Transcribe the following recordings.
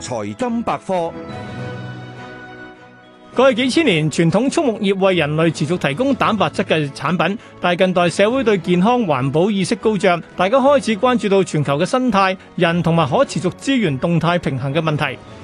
財金百科，過去幾千年，傳統畜牧業為人類持續提供蛋白質嘅產品，但係近代社會對健康、環保意識高漲，大家開始關注到全球嘅生態、人同埋可持續資源動態平衡嘅問題。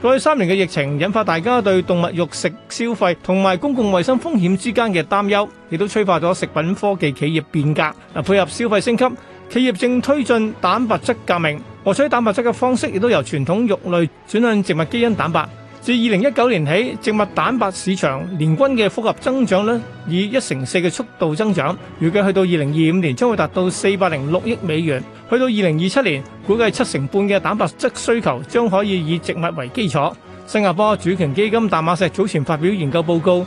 過去三年嘅疫情，引發大家對動物肉食消費同埋公共衛生風險之間嘅擔憂，亦都催化咗食品科技企業變革。配合消費升級，企業正推進蛋白質革命，獲取蛋白質嘅方式亦都由傳統肉類轉向植物基因蛋白。自二零一九年起，植物蛋白市場年均嘅複合增長呢以一成四嘅速度增長。預計去到二零二五年，將會達到四百零六億美元。去到二零二七年，估計七成半嘅蛋白質需求將可以以植物為基礎。新加坡主權基金淡馬錫早前發表研究報告。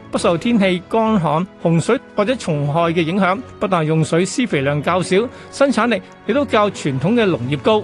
不受天氣乾旱、洪水或者蟲害嘅影響，不但用水、施肥量較少，生產力亦都較傳統嘅農業高。